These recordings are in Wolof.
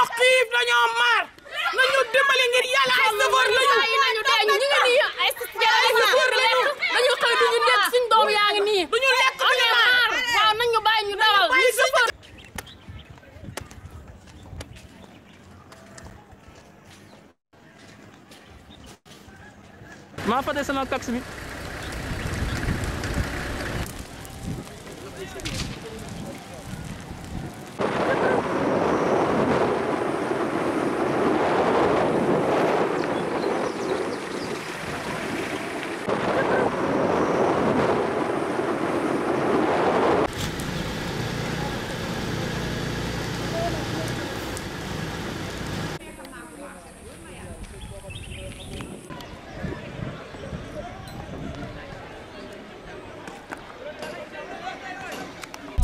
ñoo xiif dañoo mar nañu dimbali ngir yàlla ay sëfoor lañu nañu dee ñu ngi nii ay sëfoor lañu dañu xëy duñu nekk suñ doom yaa ngi duñu lekk duñu mar waaw nañu bàyyi ñu dawal ñu sëfoor maa fate sama kax bi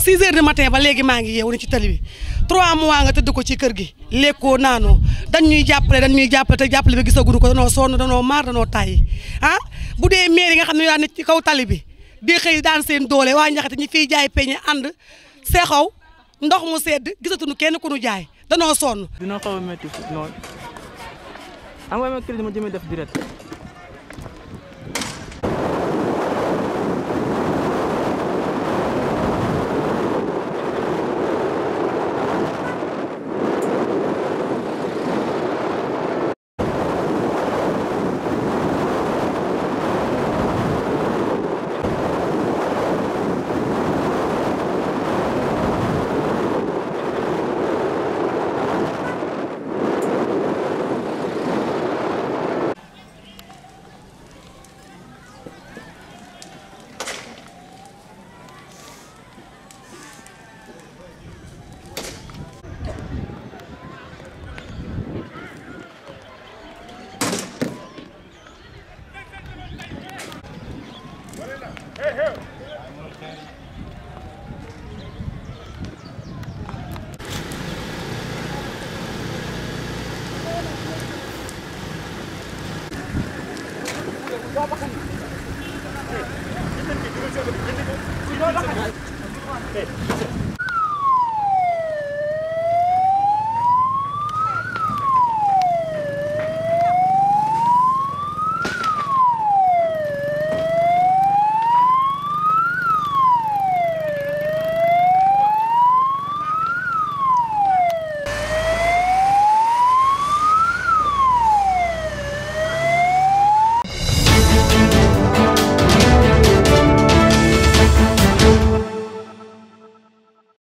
6 heures du matin ba léegi maa ngi yeewu ni ci tali bi 3 mois nga tëdd ko ci kër gi lekkoo naanoo dañ ñuy jàppale dañ ñuy jàppale te jàppale bi gisaguñu ko danoo soon danoo maar danoo tàyyi ah, bu dee maire yi nga xam ne yaa ne ci kaw tali bi di xëy daan seen doole waa Njaxate ñi fiy jaay peñe ànd xaw ndox mu sedd gisatuñu kenn ku ñu jaay danoo sonn. dina xaw a métti lool am nga ma crédit ma jëmee def direct. Vamos えっ